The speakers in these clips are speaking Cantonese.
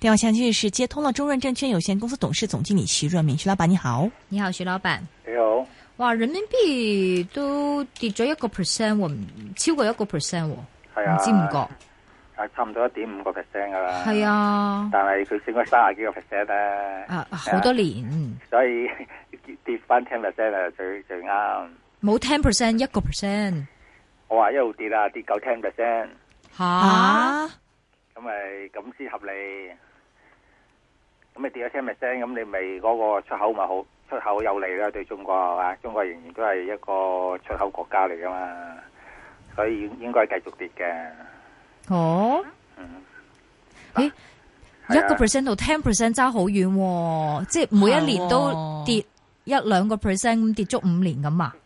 電話線繼續是接通了，中潤證券有限公司董事總經理徐潤民，徐老闆你好，你好徐老闆，你好，哇，人民幣都跌咗一個 percent 喎，唔超過一、啊、個 percent 喎，唔知唔覺，啊，差唔多一點五個 percent 噶啦，係啊，但係佢升咗三十幾個 percent 啊，好多年，所以跌翻 ten percent 啊最最啱，冇 ten percent 一個 percent，我話一路跌啦跌九 ten percent，吓，咁咪咁先合理。咁你跌咗 ten percent，咁你咪嗰、嗰個出口咪好出口好有利啦，對中國啊，中國仍然都係一個出口國家嚟㗎嘛，所以應應該繼續跌嘅。哦，嗯，一個 percent 到 ten percent 差好遠，啊哦，即係每一年都跌一兩個 percent 咁跌足五年咁啊！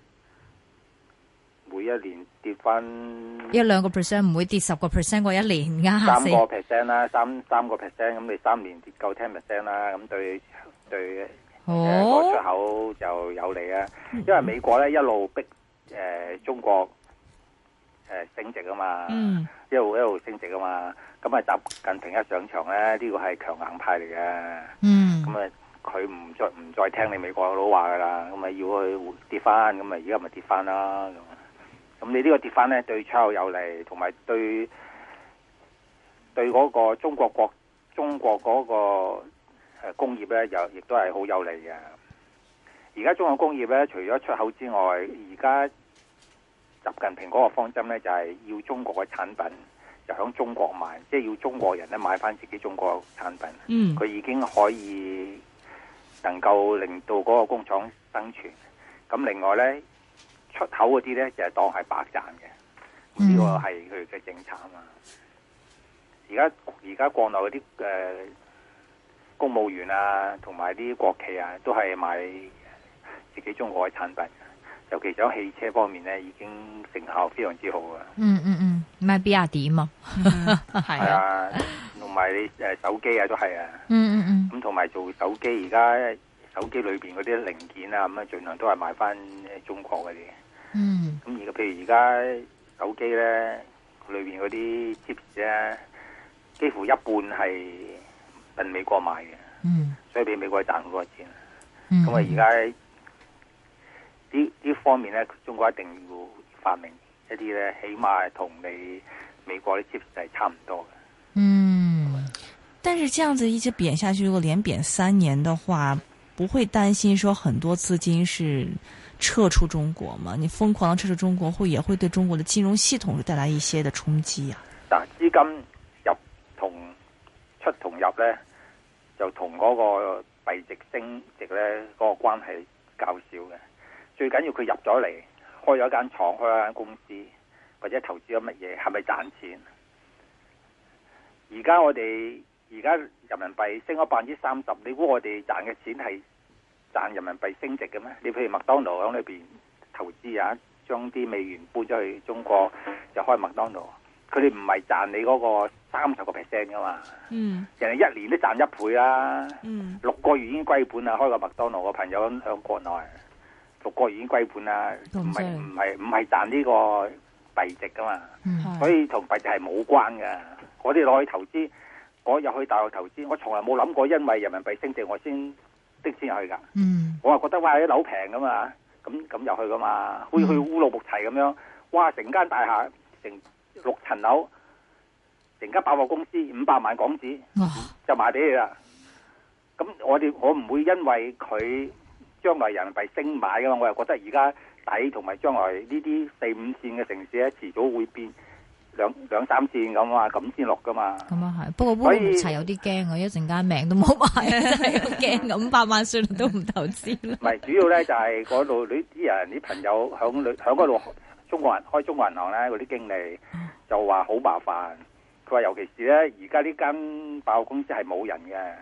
一兩個 percent 唔會跌十個 percent 過一年噶，三個 percent 啦，三三個 percent 咁你三年跌夠 ten percent 啦，咁對對個、oh. 呃、出口就有利啊！因為美國咧一路逼誒、呃、中國誒、呃、升值啊嘛，mm. 一路一路升值啊嘛，咁啊習近平一上場咧，呢、呢個係強硬派嚟嘅，嗯、mm.，咁啊佢唔再唔再聽你美國佬話噶啦，咁啊要去跌翻，咁啊而家咪跌翻啦。咁你呢個跌翻咧，對出口有利，同埋對對嗰個中國國中國嗰個誒工業咧，又亦都係好有利嘅。而家中國工業咧，除咗出口之外，而家習近平嗰個方針咧，就係要中國嘅產品就響中國賣，即係要中國人咧買翻自己中國產品。佢、嗯、已經可以能夠令到嗰個工廠生存。咁另外咧。出口嗰啲咧就係當係白賺嘅，呢個係佢嘅政策啊嘛。而家而家國內嗰啲誒公務員啊，同埋啲國企啊，都係買自己中國嘅產品。尤其喺汽車方面咧，已經成效非常之好、嗯嗯嗯嗯、 啊，啊，啊。嗯嗯嗯，買比亞迪嘛，係啊，同埋你誒手機啊都係啊。嗯嗯嗯，咁同埋做手機，而家手機裏邊嗰啲零件啊，咁啊盡量都係買翻中國嗰啲。嗯，咁而家譬如而家手機咧，裏邊嗰啲 chip 咧，幾乎一半係喺美國買嘅，嗯，所以俾美國賺好多錢。咁、嗯、啊，而家呢呢方面咧，中國一定要發明一啲咧，起碼同你美，美國啲 chip 係差唔多嘅。嗯，但是這樣子一直貶下去，如果連貶三年的話。不會擔心說很多資金是撤出中國嗎？你瘋狂地撤出中國，會也會對中國的金融系統帶來一些的衝擊啊！但資金入同出同入呢，就同嗰個幣值升值呢，嗰個關係較少嘅。最緊要佢入咗嚟，開咗間廠，開咗間公司，或者投資咗乜嘢，係咪賺錢？而家我哋。而家人民幣升咗百分之三十，你估我哋賺嘅錢係賺人民幣升值嘅咩？你譬如麥當勞響裏邊投資啊，將啲美元搬咗去中國就開麥當勞，佢哋唔係賺你嗰個三十個 percent 噶嘛。嗯，人哋一年都賺一倍啦。嗯，六個月已經歸本啦，開個麥當勞個朋友響國內，六個月已經歸本啦，唔係唔係唔係賺呢個幣值噶嘛。嗯，所以同幣值係冇關嘅，我哋攞去投資。我入去大陸投資，我從來冇諗過，因為人民幣升值我先的先入去噶。嗯、mm.，我係覺得哇，啲樓平噶嘛，咁咁入去噶嘛，好似去烏魯木齊咁樣，mm. 哇，成間大廈成六層樓，成間百貨公司五百萬港紙就賣俾你啦。咁我哋我唔會因為佢將來人民幣升買噶嘛，我又覺得而家抵，同埋將來呢啲四五線嘅城市咧，遲早會變。兩兩三次咁啊，咁先落噶嘛。咁啊係，不過烏雲齊有啲驚啊，一陣間命都冇埋，真係好驚啊！五百萬算了都唔投資。唔係，主要咧就係嗰度你啲人啲 朋友響響嗰度，中國人開中國銀行咧，嗰啲經理就話好麻煩。佢話尤其是咧，而家呢間爆公司係冇人嘅。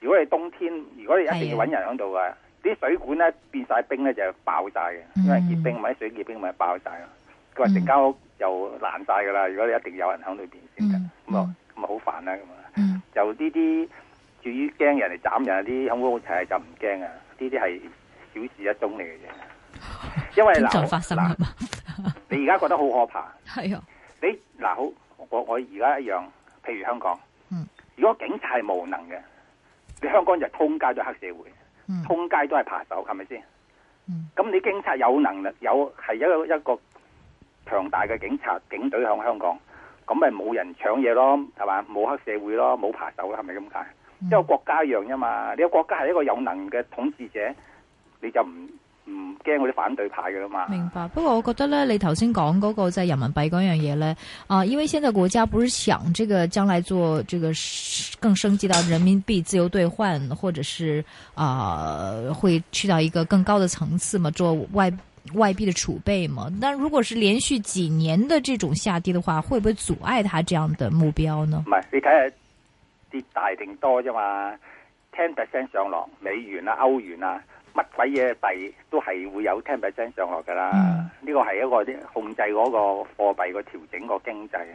如果你冬天，如果你一定要搵人響度啊，啲水管咧變晒冰咧就是、爆炸嘅、嗯，因為結冰咪、就是、水結冰咪、就是、爆炸啦。佢話成間屋又爛晒噶啦，如果你一定有人喺裏邊先嘅，咁啊咁啊好煩啦咁啊。就呢啲至於驚人哋斬人啲，呢啲恐怖好冇就就唔驚啊！呢啲係小事一宗嚟嘅啫。因為嗱，發 你而家覺得好可怕。係啊，你嗱好，我我而家一樣，譬如香港，嗯、如果警察係無能嘅，你香港就通街都黑社會，嗯、通街都係扒手，係咪先？咁、嗯、你警察有能力有係一個一個，強大嘅警察警隊響香港，咁咪冇人搶嘢咯，係嘛？冇黑社會咯，冇扒手咯，係咪咁解？因、嗯、為國家一樣啫嘛，你個國家係一個有能嘅統治者，你就唔唔驚嗰啲反對派㗎啦嘛。明白。不過我覺得咧，你頭先講嗰個即係人民幣嗰樣嘢咧，啊、呃，因為現在國家不是想這個將來做這個更升級到人民幣自由兌換，或者是啊、呃，會去到一個更高的層次嘛，做外。外幣的儲備嘛，但如果是連續幾年的這種下跌的話，會不會阻礙他這樣的目標呢？唔係，你睇下跌大定多啫嘛，Ten percent 上落，美元啊、歐元啊，乜鬼嘢幣都係會有 Ten percent 上落噶啦。呢、嗯，這個係一個控制嗰個貨幣個調整個經濟，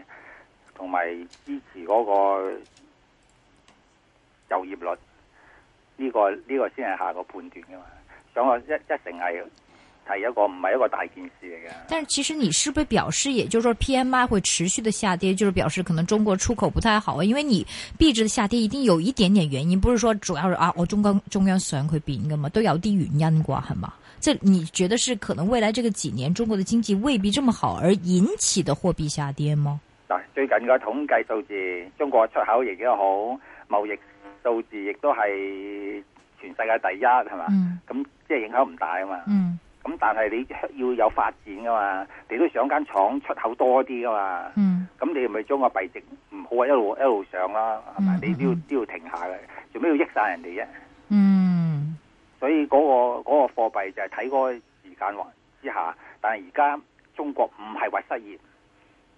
同埋支持嗰個就業率呢、這個呢、這個先係下個判斷噶嘛，所以一一定係。係一個唔係一個大件事嚟嘅，但係其實你是不是表示，也就是說 PMI 會持續的下跌，就是表示可能中國出口不太好啊？因為你幣值的下跌一定有一點點原因，不是說主要是啊，我中央中央想佢變㗎嘛，都有啲原因啩，係嘛？即係你覺得是可能未來這個幾年中國的經濟未必這麼好而引起的貨幣下跌嗎？嗱，最近嘅統計數字，中國出口亦都好，貿易數字亦都係全世界第一，係、嗯嗯、嘛？咁即係影響唔大啊嘛？咁、嗯、但係你要有發展噶嘛？你都想間廠出口多啲噶嘛？嗯，咁你咪將個幣值唔好啊一路一路上啦，係咪、嗯？你都要都要停下嘅，做咩要益晒人哋啫？嗯，所以嗰、嗰個嗰個貨幣就係睇嗰個時間喎之下，但係而家中國唔係話失業，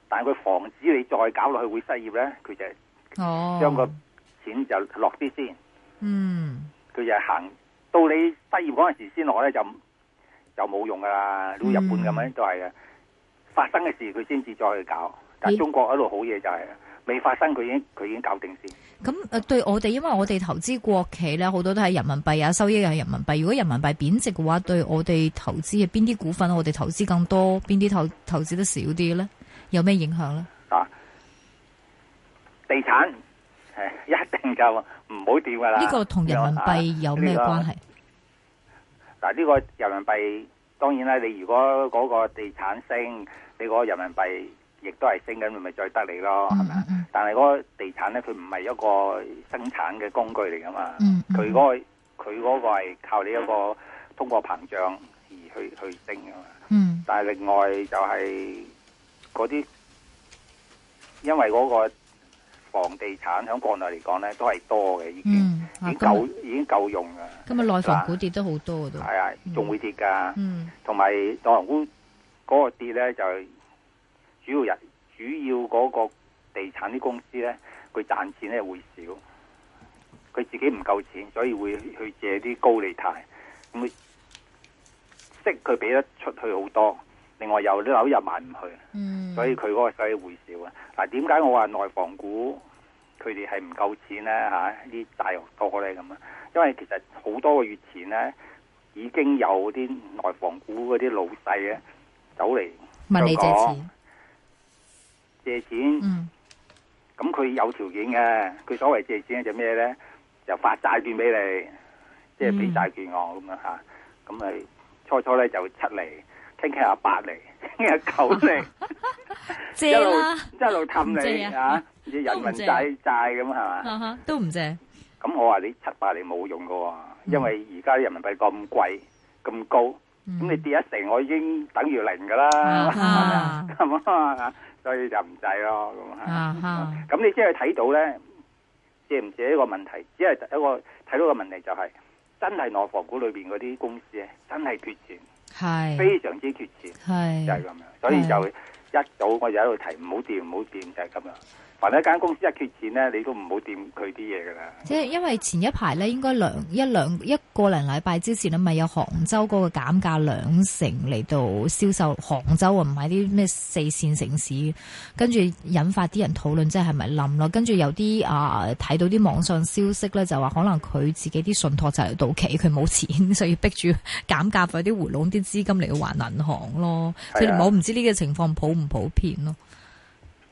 但係佢防止你再搞落去會失業咧，佢就係將個錢就落啲先、哦。嗯，佢就係行到你失業嗰陣時先落咧，就。就冇用噶啦，好似日本咁樣都係啊、嗯！發生嘅事佢先至再去搞，但係中國喺度好嘢就係、是，未發生佢已經佢已經搞定先。咁、嗯、誒，對我哋，因為我哋投資國企咧，好多都係人民幣啊，收益又係人民幣。如果人民幣貶值嘅話，對我哋投資嘅邊啲股份我哋投資更多邊啲投投資得少啲咧？有咩影響咧？啊，地產誒、哎，一定就唔好掉噶啦。呢、這個同人民幣有咩關係？啊這個嗱，呢個人民幣當然啦，你如果嗰個地產升，你嗰個人民幣亦都係升緊，咪咪再得你咯，係、mm、嘛 -hmm.？但係嗰個地產咧，佢唔係一個生產嘅工具嚟噶嘛，佢、mm、嗰 -hmm. 嗰個佢嗰個係靠你一個通貨膨脹而去去升噶嘛。嗯、mm -hmm.。但係另外就係嗰啲，因為嗰個房地產喺國內嚟講咧，都係多嘅已經的。Mm -hmm. 已經夠，已經夠用噶。今日內房股、啊、跌得好多啊！係啊，仲會跌噶。嗯，同埋內房股嗰個跌咧，就係、主要人，主要嗰個地產啲公司咧，佢賺錢咧會少，佢自己唔夠錢，所以會去借啲高利貸。咁息佢俾得出去好多，另外又啲樓又賣唔去，嗯，所以佢嗰個收益會少啊。嗱，點解我話內房股？佢哋係唔夠錢咧嚇，啲、啊、債又多咧咁啊！因為其實好多個月前咧已經有啲內房股嗰啲老細啊走嚟問你借錢，借錢。嗯。咁佢有條件嘅，佢所謂借錢就咩咧？就發債券俾你，即係俾債券我咁、嗯、啊嚇。咁 啊初初咧就七嚟傾傾下八嚟，傾下九嚟，一路一路氹你啊！啊人民債債咁係嘛？都唔借咁，我話你七八厘你冇用噶因為而家人民幣咁貴咁高，咁你跌一成我已經等於零噶啦，係嘛？所以就唔制咯咁啊。咁你即係睇到咧，借唔借呢個問題，只係一個睇到個問題就係真係內房股裏邊嗰啲公司咧真係缺錢，係非常之缺錢，係就係咁樣，所以就一早我就喺度提唔好掂唔好掂，就係咁樣。反正一間公司一缺錢咧，你都唔好掂佢啲嘢噶啦。即係因為前一排咧，應該兩一兩一個零禮拜之前咧，咪有杭州嗰個減價兩成嚟到銷售。杭州啊，唔係啲咩四線城市，跟住引發啲人討論係係，即係咪冧咯？跟住有啲啊，睇到啲網上消息咧，就話可能佢自己啲信託就嚟到期，佢冇錢，所以逼住減價或者啲回籠啲資金嚟到還銀行咯。即係我唔知呢個情況普唔普遍咯。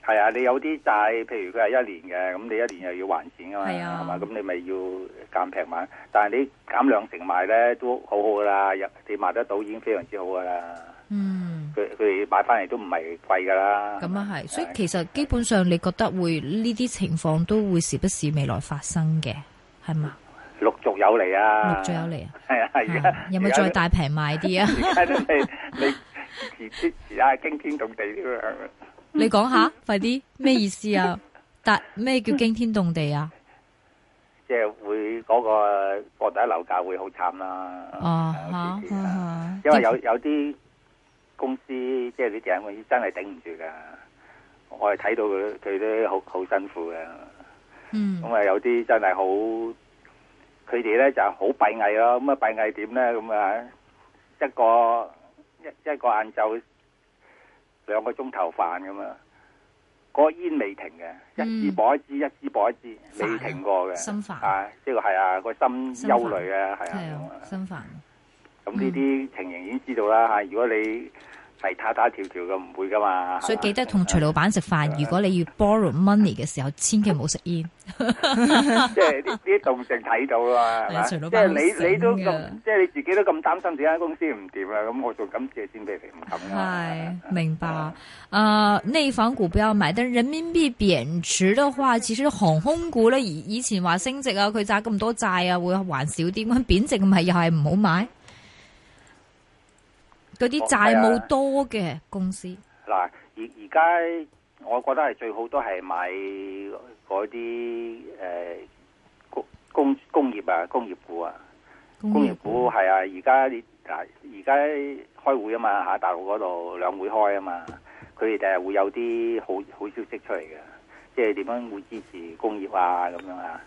係啊，你有啲債，譬如佢係一年嘅，咁你一年又要還錢噶嘛，係嘛，咁你咪要減平買。但係你減兩成賣咧，都好好噶啦，入你賣得到已經非常之好噶啦。嗯，佢佢哋買翻嚟都唔係貴噶啦。咁啊係，所以其實基本上你覺得會呢啲情況都會時不時未來發生嘅，係嘛？陸續有嚟啊，陸續有嚟啊，係啊係啊，有冇再大平賣啲啊？而家真係你時之時啊，驚天動地添啊！你講下 快啲咩意思啊？但 咩叫驚天動地啊？即 係會嗰個個底樓價會好慘啦。哦、啊，因、啊、為、啊啊啊啊就是，有有啲公司即係啲地產公司真係頂唔住噶。我係睇到佢佢都好好辛苦噶。嗯，咁啊有啲真係好，佢哋咧就好閉翳咯。咁啊閉翳點咧？咁啊一個一一個晏晝。兩個鐘頭飯咁啊，嗰、那個煙未停嘅、嗯，一支播一支，一支播一支，未停過嘅，心煩啊，即係係啊，個心憂慮啊，係啊，心煩。咁呢啲情形已經知道啦吓、嗯，如果你。係打打條條嘅，唔會噶嘛。所以記得同徐老闆食飯，如果你要 borrow money 嘅時候，千祈唔好食煙。即係呢呢動靜睇到啦，係嘛？徐老闆，即係你你都咁，即係你自己都咁擔心，自己間公司唔掂啊！咁我仲敢借錢俾你唔敢啊？係明白。啊，內、uh, 房股不要買，但人民幣貶值的話，其實航空股咧，以前話升值啊，佢借咁多債啊，會還少啲。咁貶值咪又係唔好買？嗰啲債務多嘅公司，嗱而而家我覺得係最好都係買嗰啲誒工工工業啊工業股啊，工業股係啊而家你嗱而家開會啊嘛吓，大陸嗰度兩會開啊嘛，佢哋就會有啲好好消息出嚟嘅，即係點樣會支持工業啊咁樣啊，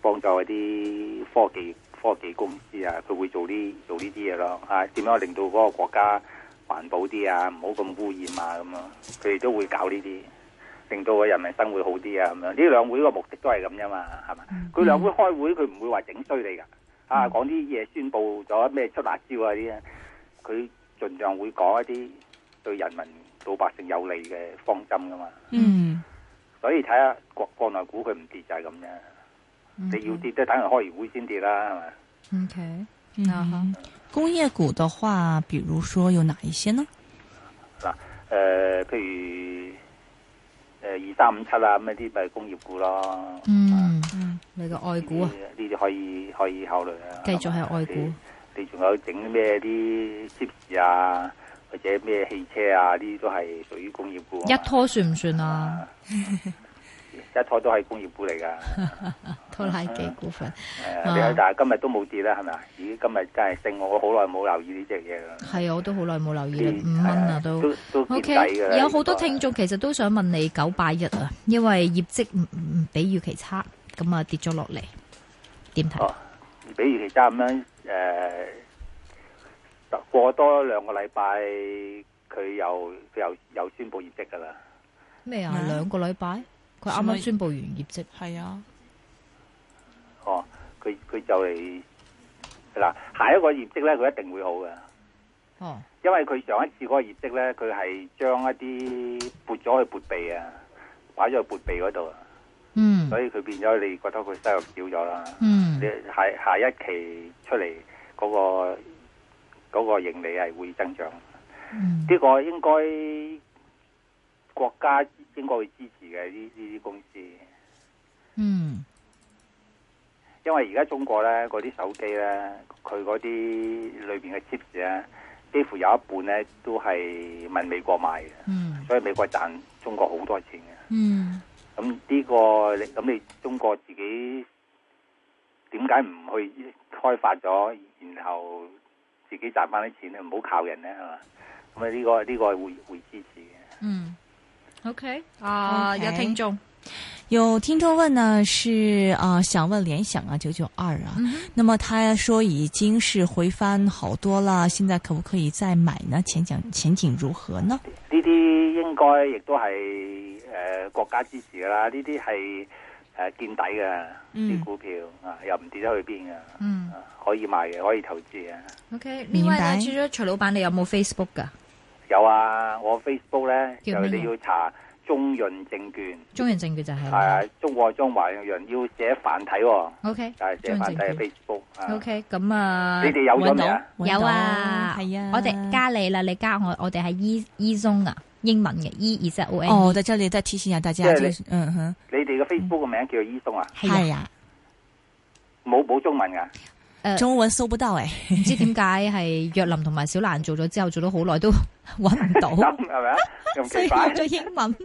幫助一啲科技。科技公司啊，佢會做啲做呢啲嘢咯，啊點樣令到嗰個國家環保啲啊，唔好咁污染啊咁樣啊，佢哋都會搞呢啲，令到個人民生活好啲啊咁樣啊。呢兩會個目的都係咁啫嘛，係嘛？佢、嗯、兩會開會佢唔會話整衰你噶，啊講啲嘢宣布咗咩出辣椒啊啲啊，佢盡量會講一啲對人民老百姓有利嘅方針噶嘛。嗯，所以睇下國國內股佢唔跌就係咁啫。你要跌都等佢開完會先跌啦，係咪 OK，嗯，okay. uh-huh. 工業股嘅話，比如說有哪一些呢？嗱、嗯，誒，譬如誒二三五七啊，咁一啲咪工業股咯。嗯嗯，你個外股啊？呢啲可以可以考慮啊。繼續係外股。你仲有整咩啲 chip 啊？或者咩汽車啊？呢啲都係屬於工業股。係咪一拖算唔算啊？ 一拖都係工業股嚟噶，拖拉機股份。但係今日都冇跌啦，係、啊、咪？咦，今日真係升喎！我好耐冇留意呢隻嘢啦。係，我都好耐冇留意啦，五蚊啊都。都都抵嘅。O、okay, K，有好多聽眾其實都想問你九百一啊，因為業績唔唔比預期差，咁啊跌咗落嚟點睇？哦，比預期差咁樣誒，過多兩個禮拜佢又又又宣布業績㗎啦。咩啊、嗯？兩個禮拜？佢啱啱宣布完業績，係啊，哦，佢佢就嚟嗱，下一個業績咧，佢一定會好嘅，哦，因為佢上一次嗰個業績咧，佢係將一啲撥咗去撥備啊，擺咗去撥備嗰度啊，嗯，所以佢變咗，你覺得佢收入少咗啦，嗯，你下下一期出嚟嗰個嗰個盈利係會增長，嗯，呢個應該國家。英國會支持嘅呢呢啲公司，嗯，因為而家中國咧，嗰啲手機咧，佢嗰啲裏邊嘅 chip 咧，幾乎有一半咧都係問美國買嘅，嗯，所以美國賺中國好多錢嘅，嗯，咁呢個你咁你中國自己點解唔去開發咗，然後自己賺翻啲錢咧，唔好靠人咧，係嘛，咁啊呢個呢個會會支持嘅，嗯。OK 啊，uh, okay，有聽眾，有聽眾問呢，是啊，呃，想問聯想啊，九九二啊，嗯，那麼他說已經是回翻好多啦，現在可不可以再買呢？前景前景如何呢？呢啲應該亦都係誒國家支持噶啦，呢啲係誒見底嘅啲，嗯、股票啊，又唔跌得去邊噶，嗯，啊，可以買嘅，可以投資嘅。OK，另外呢，除咗徐老闆，你有冇 Facebook 噶？有啊，我 Facebook 咧就你要查中潤證券，中潤證券就係係啊，中國中華要要寫繁體，O K，但係寫繁體 Facebook，O K，咁啊，Facebook, okay, uh, 你哋有咗啦，有啊，係啊，我哋加你啦，你加我，我哋係 E E 松 -E, 哦嗯 e、啊，英文嘅 E E S O N，哦，得即你都黐線啊，大家。嗯哼，你哋嘅 Facebook 嘅名叫 E 松啊，係啊，冇冇中文啊。仲搵 show 不到誒，唔 知點解係若琳同埋小蘭做咗之後，做咗好耐都搵唔到，係咪啊？所以學咗英文。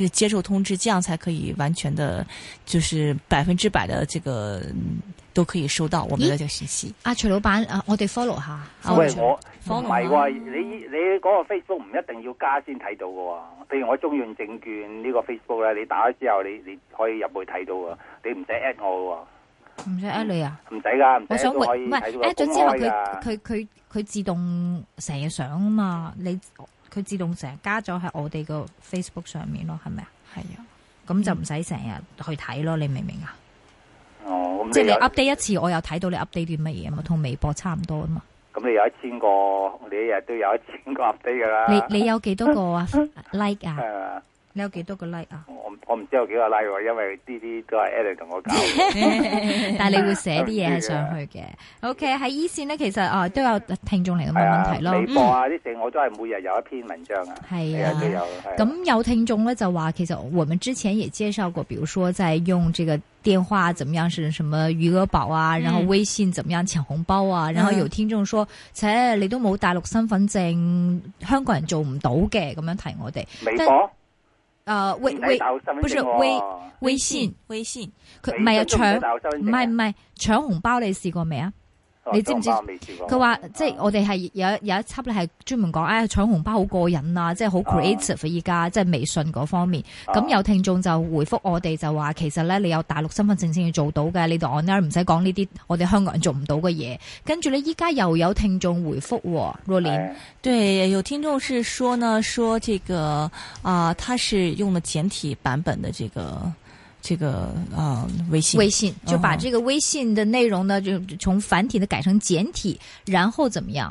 就是、接受通知，這樣才可以完全的，就是百分之百的這個都可以收到我們的這個信息。阿、欸啊、徐老闆，啊，我哋 follow 下。喂，啊、我唔係喎，你你嗰個 Facebook 唔一定要加先睇到㗎。譬如我中原證券呢個 Facebook 咧，你打咗之後，你你可以入去睇到㗎。你唔使 add 我嘅。唔使 add 你啊？唔使噶，add 我想唔係 add 咗之後佢佢佢佢自動成日上啊嘛，你。佢自動成日加咗喺我哋個 Facebook 上面咯，係咪啊？係啊，咁就唔使成日去睇咯，你明唔明啊？哦，嗯、即係你 update 一次，我又睇到你 update 啲乜嘢啊嘛，同、嗯、微博差唔多啊嘛。咁你有一千個，你一日都有一千個 update 噶啦。你你有幾多個啊？Like 啊？ 你有幾多個 like 啊？我我唔知有幾個 like，啊、因為啲啲都係 Alex 同我搞。 但係你會寫啲嘢上去嘅。O K 喺一綫呢，其實啊都有聽眾嚟問問題咯。微博啊啲嘢，嗯、我都係每日有一篇文章啊，每啊都、yeah, 有。咁、啊、有聽眾咧就話，其實我們之前也介紹過，比如說在用這個電話怎麼樣，是什麼餘額寶啊、嗯，然後微信怎麼樣搶紅包啊，然後有聽眾說，切、嗯，你都冇大陸身份證，香港人做唔到嘅，咁樣提我哋。微博。誒、呃，微微、啊，不是微微信，微信，佢唔係啊搶，唔係唔係搶紅包，你試過未啊？你知唔知？佢話即係我哋係有有一輯咧係專門講，誒搶紅包好過癮啊！即係好 creative 依家，即係、啊、微信嗰方面。咁、啊、有聽眾就回覆我哋就話、啊，其實咧你有大陸身份證先至做到嘅，你同我咧唔使講呢啲我哋香港人做唔到嘅嘢。跟住呢，依家又有聽眾回覆、哦，若琳對有聽眾是說呢，說這個啊，他、呃、是用咗簡體版本的這個。這個啊、呃，微信，微信就把這個微信的內容呢，哦哦，就從繁體的改成簡體，然後怎麼樣？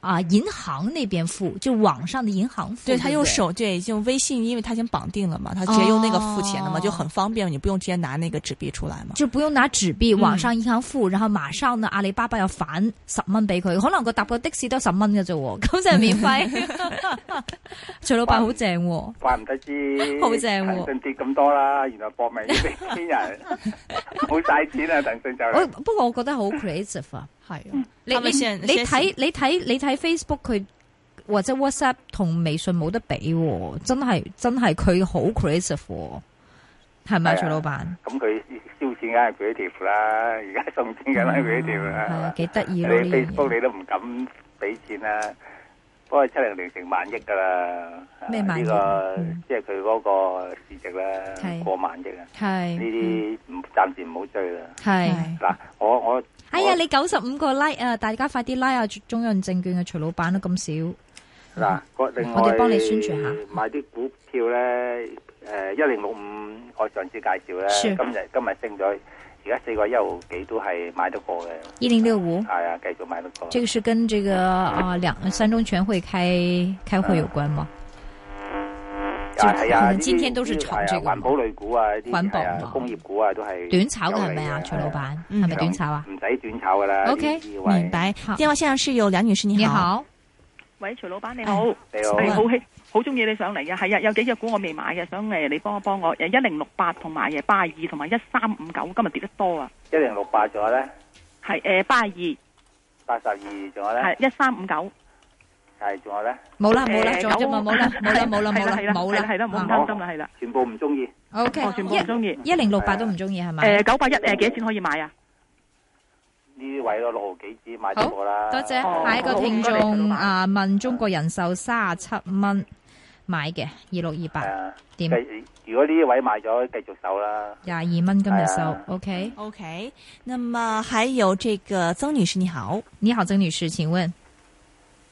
啊！銀行那邊付，就網上的銀行付。對，他用手，對就微信，因為他已經綁定了嘛，他直接用那個付錢了嘛、啊，就很方便，你不用直接拿那個紙幣出來嘛。就不用拿紙幣、嗯，網上銀行付，然後馬上呢，阿里巴巴要返十蚊俾佢，可能個搭個的士都十蚊嘅啫，咁、啊、就免費。 徐老闆好正、啊，怪唔得之，好 正、啊。騰 跌咁多啦，原來搏命啲人唔使錢啊，騰 訊 就。我不過我覺得好 creative 啊。 係、啊嗯，你你你睇你睇你睇 Facebook 佢，或者 WhatsApp 同微信冇得比、哦，真係真係佢好 creative，係咪啊？徐老闆，咁佢燒錢梗係 creative 啦，而家送錢梗係 creative 啦，幾得意咯呢？Facebook 你都唔敢俾錢啦、啊，不過七零零成萬億噶啦，咩萬啊？這個嗯、是個呢個即係佢嗰個市值啦，過萬億啊，呢啲暫時唔好追啦、嗯、啦。係嗱，我我。哎呀！你九十五個 like 啊，大家快啲 like 啊！中潤證券嘅徐老闆都咁少。嗱，我我哋幫你宣傳下，買啲股票咧，誒，一零六五，我上次介紹咧，今日今日升咗，而家四個一毫幾都係買得過嘅。一零六五。係啊，繼續買得過。這個是跟這個啊兩三中全會開開會有關嗎？啊係啊，今天都是炒這個環保類股啊，啲、啊、工業股啊，都係短炒嘅係咪啊？徐老闆，係咪、啊嗯、短炒啊？唔使短炒噶啦。O、okay, K，明白。電話線上係有梁女士，你好。你好喂，徐老闆你好。你好。你好希好中意你上嚟嘅。係啊，有幾隻股我未買嘅，想嚟你幫一幫我，誒，一零六八同埋誒八二同埋一三五九，今日跌得多啊。一零六八咗咧？係誒八二八十二咗咧？係一三五九。係，仲有咧？冇啦，冇啦，做啫嘛，冇啦，冇啦，冇啦，冇 啦，冇啦，係啦，唔好擔心啊，係啦，全部唔中意。O K，全部唔中意。一零六八都唔中意係咪？誒，九八一誒，幾錢可以買啊？呢位咯，六毫幾支買到啦。多謝、謝、哦、好好，下一個聽眾啊，問中國人壽卅七蚊買嘅二六二八點？如果呢位買咗，繼續收啦。廿二蚊今日收。O K，O K。Okay、okay, 那麼還有這個曾女士你好，你好曾女士，請問？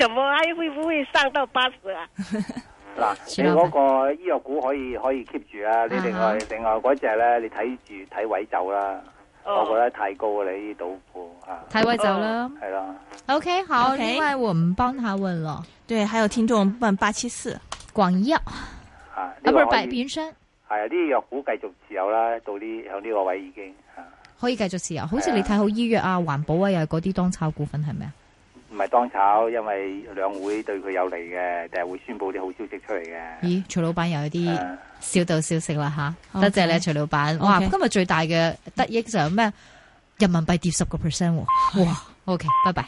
怎麼會會唔會上到八十啊？嗱， 你嗰個醫藥股可以可以 keep 住啊，你另外、啊、另外嗰隻咧，你睇住睇位走啦、哦。我覺得太高啦呢啲賭股吓，睇位、啊、走啦，係、哦、啦。OK，好，okay. 另外我們幫他問咯。對，還有聽眾問八七四廣醫藥啊、這個、啊，不是白雲山，係啊，呢、這、藥、個、股繼續持有啦，到呢向呢個位已經、啊、可以繼續持有。好似你睇好醫藥啊，啊、環保啊，又係嗰啲當炒股份係咪啊？唔係當炒，因為兩會對佢有利嘅，定係會宣布啲好消息出嚟嘅。咦，徐老闆又有啲小道消息啦吓，多、uh, 謝，謝你，徐、okay. 老闆。哇，okay. 今日最大嘅得益就係咩？人民幣跌十個 percent 喎。哇 ，OK，拜拜。